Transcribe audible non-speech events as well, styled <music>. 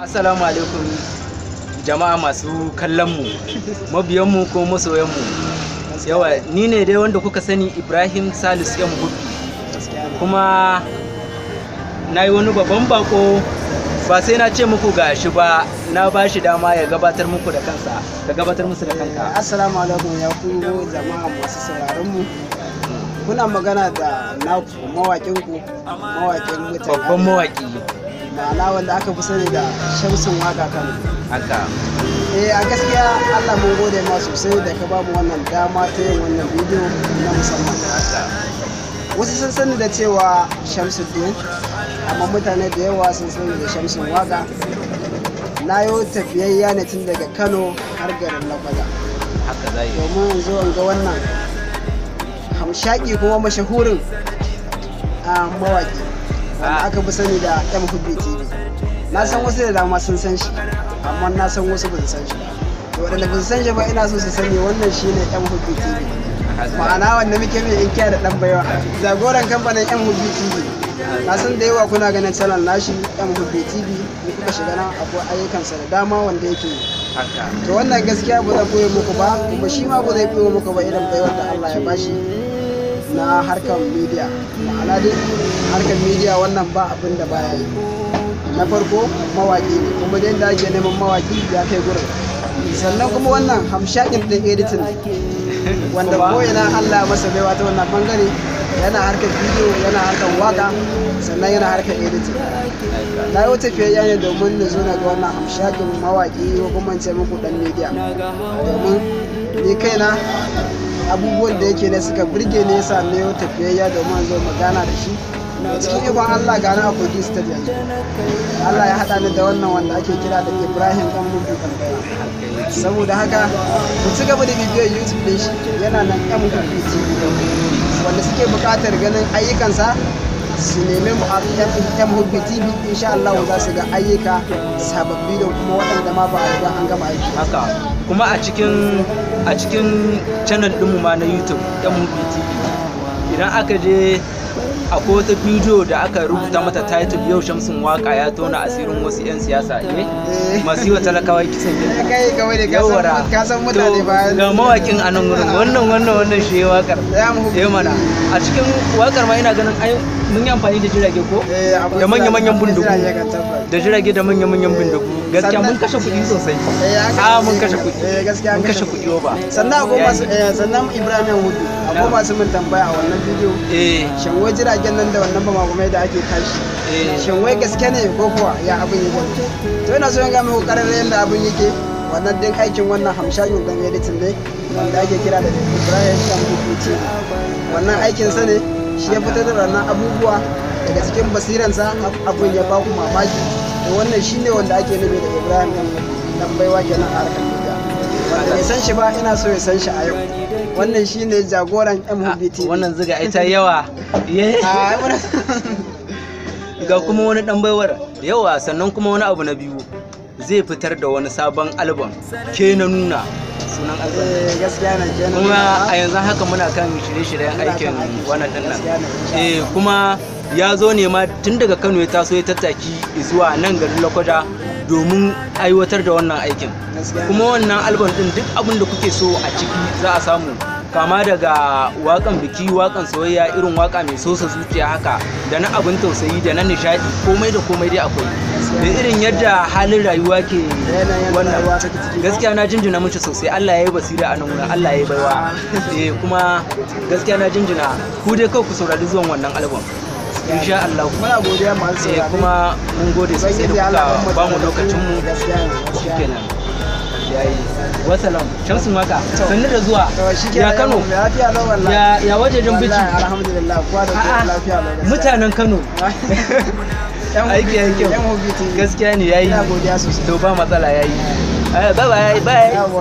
Assalamu alaikum jama'a masu kallonmu, mabiyanmu ko masoyanmu. Yawa ni ne dai wanda kuka sani Ibrahim Salisu yan gudu. Kuma na yi wani babban bako ba sai na ce muku ga shi ba na ba shi dama ya gabatar muku da kansa da gabatar musu da kanka. Assalamu alaikum ya ku jama'a masu sauraronmu. Kuna magana da naku mawakin ku mawakin mutane. Babban mawaki. ala wanda aka fi sani da shamsin waka kano haka eh a gaskiya allah mun gode ma sosai da ka babu wannan dama ta yin wannan bidiyo na musamman wasu sun sani da cewa shamsuddin amma mutane da yawa sun sani da shamsin waka na yi tafiyayya ne tun daga kano har garin lagwaja domin yanzu ga wannan hamshaki kuma mashahurin a ah, mawaki wanda aka fi sani da mhb tv na san wasu da dama sun san shi amma na san wasu ba su san shi ba. Wadanda ba su san shi ba ina so su sani wannan shi ne mhb tv ma'ana wanda muke mai inkiya da ɗan baiwa Zagoran kamfanin mhb tv na san da yawa kuna ganin channel nashi mhb tv da kuka shiga nan akwai ayyukansa da dama wanda yake yi to wannan gaskiya ba zan koyo muku ba ba shi ma ba zai koyo muku ba idan bai da Allah ya bashi na harkar media ma'ana dai harkar media wannan ba abin da baya yi na farko mawaki ne kuma dai da ake neman mawaki ya kai gurin sannan kuma wannan hamshakin ɗin editing wanda ko ina Allah masa baiwa ta wannan bangare yana harkar bidiyo yana harkar waka sannan yana harkar editing na yi tafiya ne domin na zo na ga wannan hamshakin mawaki ko kuma ce muku dan media domin ni kaina abubuwan da yake ne suka birge ne yasa ne yau tafiyayya domin zo magana da shi cikin ikon Allah ga na abu state yanzu Allah ya haɗa ni da wannan wanda ake kira da Ibrahim ɗan mutu saboda haka ku ci gaba da bibiyar YouTube din shi yana nan ɗan mutu wanda suke buƙatar ganin ayyukansa su nemi mu a yan hubbi tv insha Allah za su ga ayyuka sababbi da kuma waɗanda ma ba a riga an gama aiki kuma a cikin a cikin channel ɗinmu ma na youtube dan movie tv idan aka je a wata bidiyo da aka rubuta mata title yau shamsun waka ya tona asirin wasu 'yan siyasa ne eh. masu yi wa talakawa kisan gilgi <laughs> yawara to ga mawakin a nan wurin wannan wannan wannan shi ya wakar ya eh mana a cikin wakar ma ina ganin mun yi amfani da jirage ko eh, da manya-manyan bindigu da jirage da manya-manyan bindigu gaskiya mun kashe kuɗi sosai eh, a ah, eh, mun kashe kuɗi mun kashe kuɗi ba sannan ko masu sannan ibrahim hudu ko masu mun tambaya a wannan bidiyo shin wai jiragen nan da wannan ba magumai da ake tashi shin wai gaske ne ko kuwa ya abin yake to ina so in ga muku ƙararren yadda abin yake wannan din aikin wannan hamshayin dan editing ne wanda ake kira da ibrahim sambu wannan aikin sa ne shi ya fitar da ranar abubuwa daga cikin basiransa abin ya baku mamaki da wannan shi ne wanda ake nufi da ibrahim dan baiwa kenan a harkar duniya wanda san shi ba ina so ya san shi a yau wannan shi ne jagoran mhbt ah, wannan ai ta yawa <laughs> ah, ga kuma wani dan baiwar yawa sannan kuma wani abu na biyu zai fitar da wani sabon album ke na nuna sunan eh, kuma a yanzu haka muna kan shirye-shiryen aikin wannan nan eh kuma ya zo ne ma tun daga kano ya taso ya tattaki zuwa nan garin lokoja domin aiwatar da wannan aikin kuma wannan album din duk abin da kuke so a ciki za a samu kama daga wakan biki wakan soyayya irin waka mai sosa zuciya haka da na abin tausayi da na nishadi komai da komai dai akwai da irin yadda halin rayuwa ke wannan gaskiya na jinjina miki sosai Allah ya yi basira a nan wurin Allah ya yi baiwa eh kuma gaskiya na jinjina ku dai kawai ku saurari zuwan wannan album insha Allah muna godiya masu eh, kuma mun gode sosai da kuka ba mu lokacin mu shikenan wasalam shamsu maka sannu da zuwa ya kano ya wajejen biki mutanen kano <laughs> aiki ya kyau gaskiya ne ya yi to ba matsala ya yi eh, ba ya yi